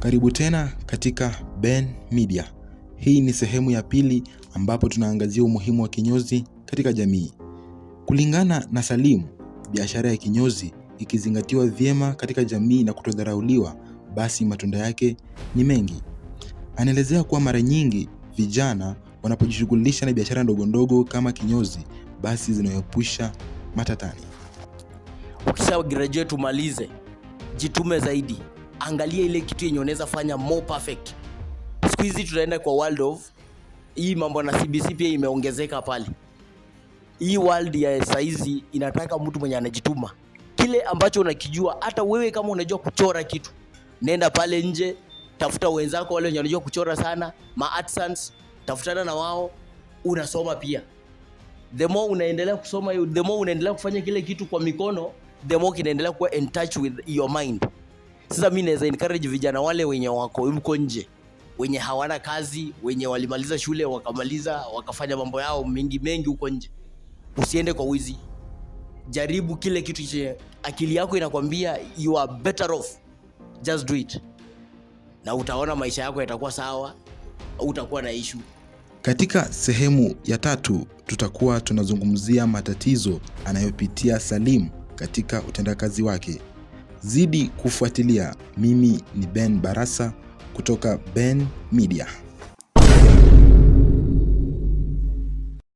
Karibu tena katika Ben Media. Hii ni sehemu ya pili ambapo tunaangazia umuhimu wa kinyozi katika jamii. Kulingana na Salimu, biashara ya kinyozi ikizingatiwa vyema katika jamii na kutodharauliwa, basi matunda yake ni mengi. Anaelezea kuwa mara nyingi vijana wanapojishughulisha na biashara ndogondogo kama kinyozi, basi zinayoepusha matatani. Ukisha graduate umalize, jitume zaidi angalia ile kitu yenye unaweza fanya more perfect. Siku hizi tunaenda kwa world of hii mambo na CBC pia imeongezeka pale. Hii world ya saizi inataka mtu mwenye anajituma, kile ambacho unakijua. Hata wewe kama unajua kuchora kitu, nenda pale nje, tafuta wenzako wale wenye wanajua kuchora sana, ma artisans, tafutana na wao, unasoma pia. The more unaendelea kusoma, the more unaendelea kufanya kile kitu kwa mikono, the more kinaendelea kuwa in touch with your mind. Sasa mi naweza encourage vijana wale wenye wako mko nje, wenye hawana kazi, wenye walimaliza shule wakamaliza wakafanya mambo yao mengi mengi huko nje, usiende kwa wizi. Jaribu kile kitu chenye akili yako inakwambia you are better off, just do it, na utaona maisha yako yatakuwa sawa, utakuwa na issue. Katika sehemu ya tatu tutakuwa tunazungumzia matatizo anayopitia Salim katika utendakazi wake. Zidi kufuatilia. Mimi ni Ben Barasa kutoka Ben Media.